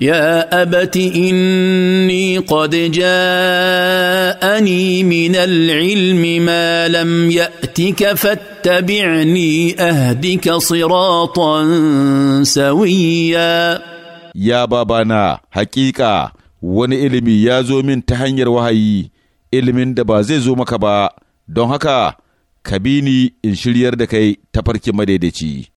يا ابت اني قد جاءني من العلم ما لم ياتك فاتبعني اهدك صراطا سويا يا بابانا حقيقه ون علمي يا زومن تهنير وهاي علمن دبا زي مكبا دون هكا كبيني ان شليير دكاي تفركي